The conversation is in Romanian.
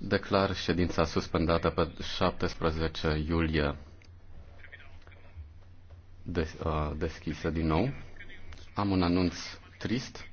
Declar ședința suspendată pe 17 iulie Des, uh, deschisă din nou. Am un anunț trist.